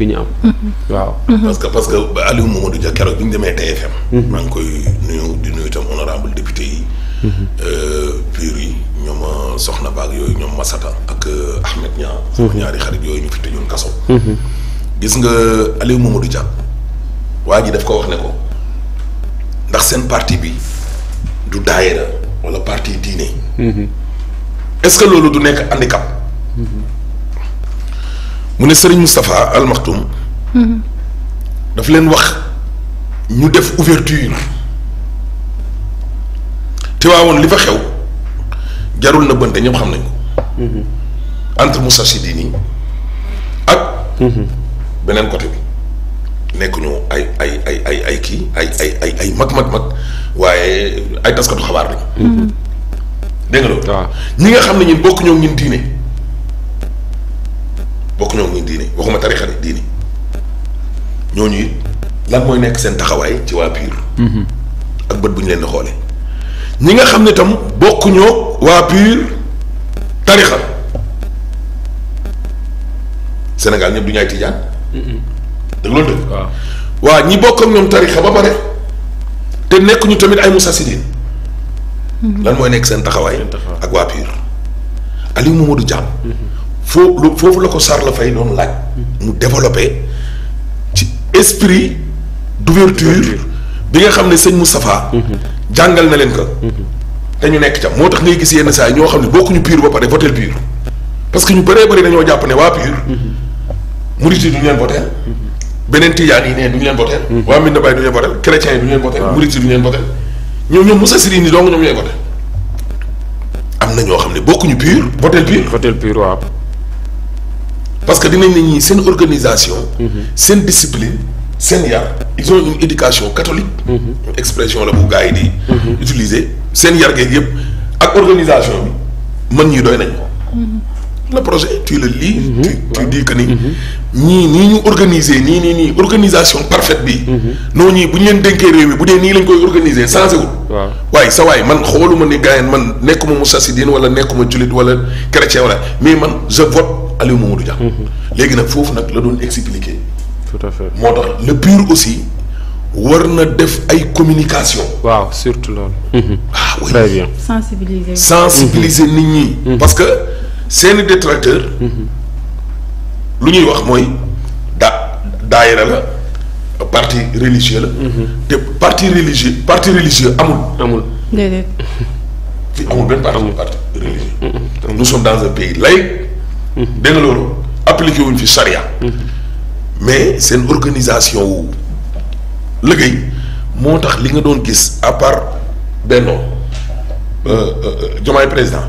bi ñu am. waaw. parce que parce que Aliou du Dia keroog bi ñu demee TFM. Hmm. maa koy nuyu di nuyu honorable député yi. Hmm. Euh, pur yi ñoom euh, Soxna Baag yooyu ñoom Masata ak euh, Ahmed Niang. sama hmm. ñaari xarit yooyu ñu fi tëjoon kaso. gis nga Aliou Mamadou Dia waa ji daf ko wax ne ko ndax seen parti bi du daayira wala parti diine. est-ce que loolu du nekk handicap. mu ne Serigne Moustapha Al Maktoum mhm. daf leen wax ñu def ouverture te waawoon li fa xew jarul na bënte ñëpp xam nañ ko. Mhm. entre Moustarchidine ak. Mhm. beneen côté bi nekk ñu ay ay ay ay ay kii ay ay ay mag mag mag waaye ay taskatu xabaar lañ. dégg nga ñi nga xam nañu bokk ñoo ñun diine. ñoo muy diine waxuma tarixa de diine ñooñu it lan mooy nekk seen taxawaay ci waa PUR. Mhm. ak bët bu ñu leen di xoolee. ñi nga xam ne tam bokkuñoo waa PUR tarixa Sénégal ñëpp du ñu ay mhm. dëgg loolu dëgg. waaw ñi bokk ak ñoom tarixa ba pare te nekkuñu tamit ay musasidin mhm. lan mooy nekk seen taxawaay. ak waa PUR Aliou Mamadou Diam. foofu foofu la ko la fay doon laaj. mu développé ci esprit d'ouverture bi nga xam ne sëñ Moustapha jàngal na leen ko. te ñu nekk ca moo tax ngay gis yenn saa yi ñoo xam ne bokkuñu PUR ba pare votel PUR. parce que ñu bëree bëri dañoo jàpp ne waa PUR. murit yi du ñu leen voté. beneen tijaan yi ne du ñu leen voté. waa Medina Baye du ñu leen voté chrétien yi du ñu leen voté. waaw murit yi du ñu leen voté. ñoom ñoom Moussa Siri ni dong ñoom ñooy voté. am na ñoo xam ne bokkuñu PUR. votel PUR votel PUR parce que dinañ ne ñii seen organisation. Mhm. seen discipline seen yar ils ont une éducation catholique. Mhm. expression la bu gars di. Mhm. utiliser seen yar geeg yëpp ak organisation bi mën ñi doy nañ ko. le projet tu le lis. tu tu dis que ni. ñii nii ñu organiser nii nii nii organisation parfaite bi mhm. noo ñii bu ñu leen dénkee réew mi bu dee nii lañ koy organiser changé wul sa waay man xooluma ni gars yi man nekkuma mustasidin wala nekkuma julit wala chrétien wala mais man je vote Aliou Mamadou Dia mhm. léegi nag foofu nag la doon expliquer tout à moo tax aussi war na def ay communication. waaw surtout loolu. waaw mhm. ah, très bien sensibiliser. sensibiliser nit ñi. parce que seeni détracteurs. lu ñuy wax mooy da daayira la parti religieux la. Mhm. te parti religieux parti religieux amul. amul déedéet. fii amul benn parti parti religieux. Mhm. nous sommes dans un pays laïque. Mhm. dégg loolu appliqué wuñ fi charia. mais seen organisation wu liggéey moo tax li nga doon gis à part Benno euh, euh, euh, Diomaye président.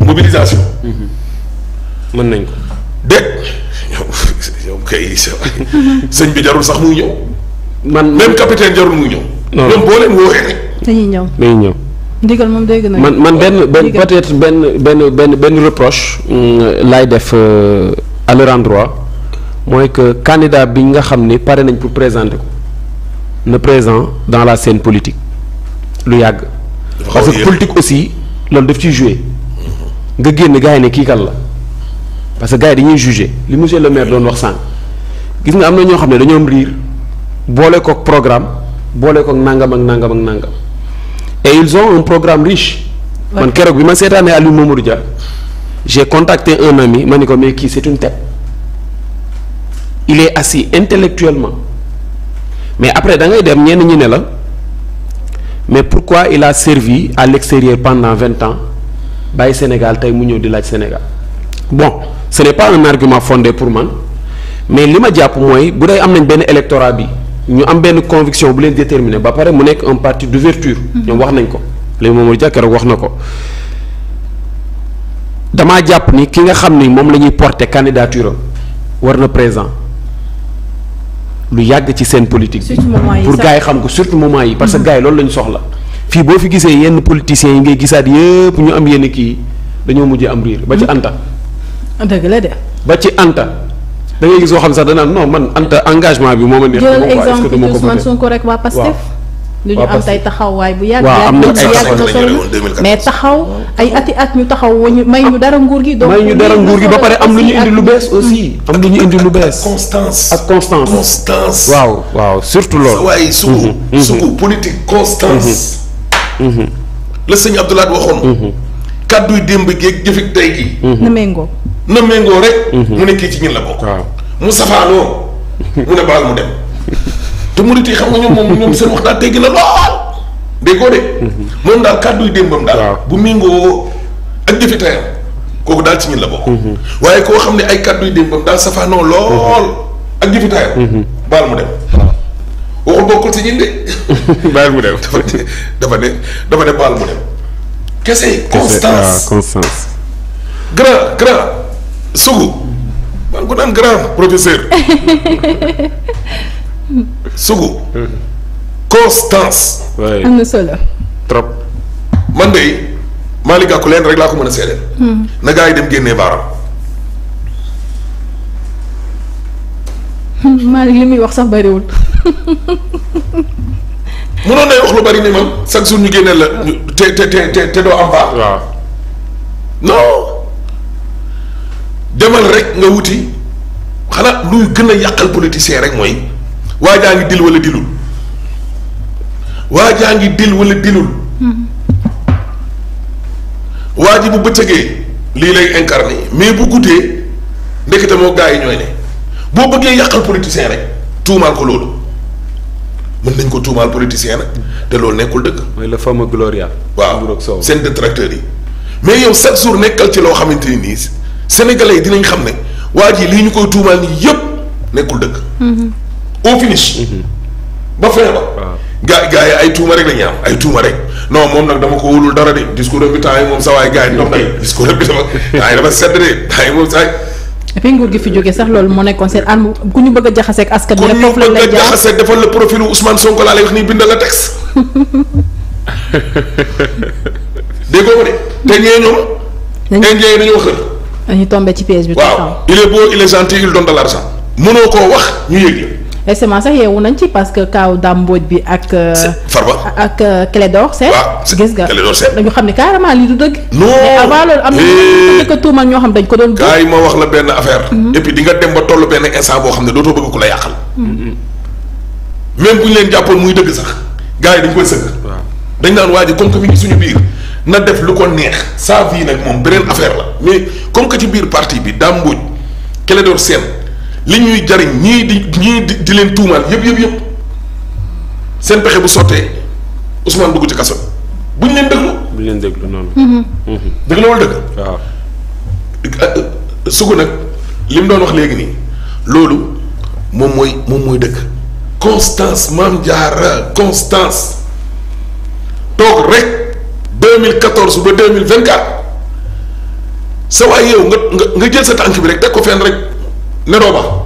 mobilisation. mën nañ ko. de yow bi jarul sax muy ñëw. man même capitaine jarul muy ñëw. non ñoom boo leen wooyee ñëw na man man benn benn peut benn benn benn benn reproche. Euh, lay def euh, à leur endroit mooy que candidat bi nga xam ni pare nañ pour présenter ko na présent dans la scène politique lu yàgg. parce que politique aussi loolu def ci jouer nga génn gars ne kii kan la. parce que gars dañuy juger li monsieur le maire doon wax sànq gis nga am na ñoo xam ne dañoo am riir boole kook programme boole kook nangam ak nangam ak nangam et ils ont un programme riche. man keroog bi ma seetaanee Aliou Mamadou Dia j'ai contacté un ami ma ni ko mais kii c'est une tête il est assis intellectuellement mais après da ngay dem ñenn ñi ne la mais pourquoi il a servi à l'extérieur pendant vingt ans bàyyi Sénégal tey mu ñëw di laaj Sénégal. bon ce n'est pas un argument fondé pour man mais li ma jàpp mooy bu dee am nañ benn électorat bi ñu am benn conviction bu leen déterminer ba pare mu nekk un parti d'ouverture ñoom wax nañ ko léegi moom mooy wax na ko damaa jàpp ni ki nga xam ni moom la ñuy porter candidature war na présent lu yàgg ci seen politique. pour gars yi xam ko surtout moment yi. parce que mm-hmm. gars yi loolu la ñu soxla. fii boo fi gisee yenn politiciens yi ngay gisaat yëpp ñu am yenn kii dañoo mujjee am riir ba ci mm-hmm. Anta. dëgg la de. ba ci Anta da ngay gis yoo xam sax danaan non man Anta engagement bi moo ma neex. jëlal exemple Ousmane Sonko rek waa Pastef lu ñu am taxaw taxawaay bu yàgg. waaw am na ay taxaw mais taxaw ay ati at ñu taxaw wañu may ñu dara nguur gi. donc may ñu dara nguur gi ba pare am lu ñu indi lu bees mm. aussi. am lu ñu indi lu bees. constance ak constance. constance waaw waaw surtout loolu. waaye sugu mm-hmm. Mm-hmm. sugu politique constance. Mm-hmm. la sëñ Abdoulaye waxoon. kàdduy démb géeg jëfik tey gi na méngoo na méngoo rek mhm. mu ne ci ñun la bokk mu safaanoo mu ne baal mu dem te murit yi xam nga ñoom moom ñoom seen waxtaan teggi na lool déggoo de mhm. moom daal kàdduy démbam daal bu méngoo ak daal ci ñun la bokk mhm. waaye koo xam ne ay kàdduy démbam daal safaanoo lool ak jëfi teyam baal mu dem waxul bokkul ci ñun de baal mu dem dafa ne dafa ne baal mu dem kese constance constance grand grand sugu maa ko naan grand professeur sugu constance am na solo trop man de Malick Gakou leen rek laa ko mën a seedeel hmm. na yi dem génnee baaram hmm, Malick li muy wax sax bariwul mënoon nay wax lu bari ni ma chaque jour ñu génneel la te te te te doo am baax. waaw demal rek nga wuti xanaa luy gën a yàqal politicien rek mooy waa jaa ngi dil wala dilul waa jaa ngi dil wala dilul. Mm-hmm. waa ji bu bëccëgee lii lay incarné mais bu guddee ndekete moo gaa yi ñooy ne boo bëggee yàqal politicien rek tuumaal ko loolu. mën nañ ko tuumaal politicien nag te loolu nekkul dëgg. mooy le fameux Gloria. waaw seen détracteurs yi. mais yow chaque jour nekkal ci loo xamante ni nii sénégalais dinañ xam ne waa ji lii ñu koy tuumaal nii yëpp nekkul dëkk mm-hmm. au finish. Mm-hmm. ba fin ba. waaw gaa gaa yi ay tuuma rek la ñu am ay tuuma rek no moom nag dama ko wóolul dara de discours bi temps yi moom sa waay gaa yi ndox na discours bi dama gaa yi sedd de temps yi moom saa et puis gi fi jógee sax loolu moo nekkoon seen arme ku ñu bëgg a jaxaseeg askan bi rek foofu lañ lay jaar a jaxaseeg defal la profilu Ousmane Sonko laa lay wax nii bindal la texte. dégg nga ko de te ñee ñoom. dañuy dañoo xër. dañuy tombé ci piège bi. waaw il est beau il est gentil il donne de mënoo koo wax ñu yëg la. récemment sax yeewu nañ ci parce que kaaw dàmbooj bi ak. Euh, farba ak euh, Clédor Sène. gis nga dañu xam ne carrément lii du dëgg. non mais avant loolu am na eh. ko tuumal ñoo xam dañ ko doon. gars yi ma wax la benn affaire. Mm-hmm. et puis di nga dem ba toll benn instant boo xam ne dootoo bëgg ku la yàqal. Mm-hmm. Mm-hmm. même bu ñu leen jàppoon muy dëgg sax gaa yi dañ koy sëgg. dañ naan waa ji comme que mi ngi suñu biir. na def lu ko neex sa vie nag moom beneen affaire la mais comme que ci biir parti bi Dame Mbodj Clédor Sène li ñuy jariñ ñii di ñii di di leen tuumaal yëpp yëpp yëpp seen pexe bu sottee Ousmane dugg ci kaso bi buñ leen déglu. buñ leen déglu noonu. dëgg la wala dëgg. waaw euh, nag li mu doon wax léegi nii loolu moom mooy moom mooy dëgg. Constance Mame Diarra Constance toog rek 2014 ba mille 2024 sa waay yow nga nga nga jël sa tànk bi rek teg ko fen rek. Néro Ba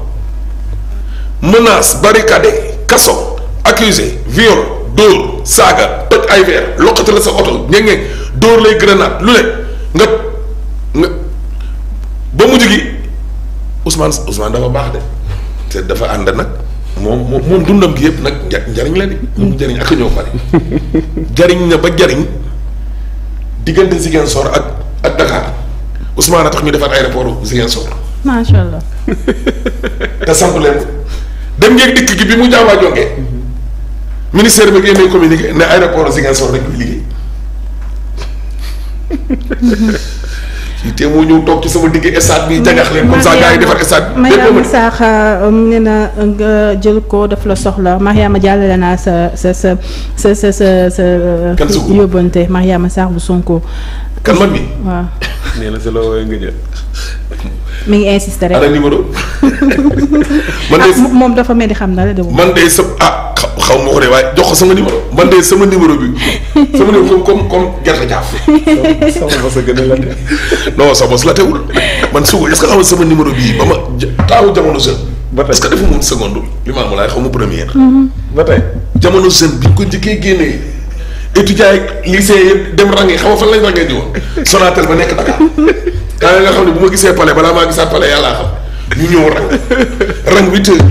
menace barricade kaso accusé viol dóor saaga toj ay verre loqati la sa oto ñeŋ dóor lay grenade lu ne nga nga ba mujj gi Ousmane Ousmane dafa baax de te dafa ànd nag moom moom dundam gi yëpp nag njariñ la jariñ ak ñoo bari jariñ na ba jariñ diggante Ziguinchor ak ak Dakar Ousmane a tax ñu defar aéroport Ziguinchor macha allah. te samp leen ko dem ngeen dikk bi mu jaawaa jongee ministère bi génnee communiqué ne aéroport Ziguinchor rek ñu liggéey. te moo ñëw toog ci sama digg stade bi jagax leen comme ça gars yi defar um, uh, nga jël ko daf la soxla Mariama jàllale naa sa sa sa sa sa sa. kan su uh, yóbbante Mariama Sakh bu Sonko. kan man mi waaw. nee na su la wooyee nga jël. mi ngi insister rek. ana numéro. man de ah, moom dafa mel ni xam na la de. man de sa ah xaw ma ko de waaye jox ko sama numéro man de sama numéro bi sama numéro comme comme gerte jaaf. sama bos a gën a late. non sama bos latewul man su est-ce que xam sama numéro bii ba ma taawu jamono jeune. ba tey est-ce que defu moom seconde li ma am laay xaw ma première. Mhm. ba tey jamono jeune bi ko njëkkee génnee. étudiants yi lycée yëpp dem rangé xam nga fan lañ rangé nekk bu ma gisee palais balaa maa gisaat palais yàllaa ñu ñëw rang rang huit heures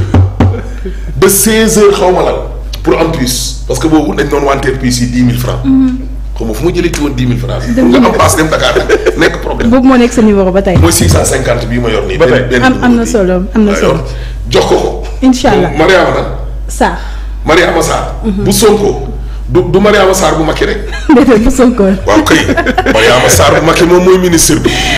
xaw ma lan pour am puce parce que boobu dañ doon wanteer yi dix mille francs mhm. xaw ma ci woon dix mille francs pour nga am passe dem Dakar nekk problème boobu jox ko ko incha allah Mariama nag Sarr Mariama Sarr mhm. bu Sonko du du Mariama Sarr bu Macky rek. déedéet bu Sonko. waaw kay Mariama Sarr bu Macky moom mooy ministre bi.